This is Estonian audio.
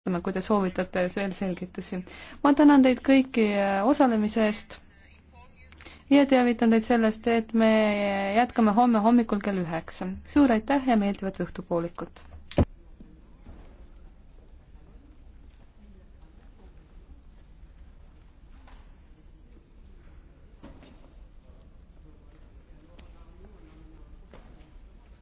ootame, kui te soovitate veel selgitusi. ma tänan teid kõiki äh, osalemise eest ja teavitan teid sellest, et me jätkame homme hommikul kell üheksa. suur aitäh ja meeldivat õhtupoolikut!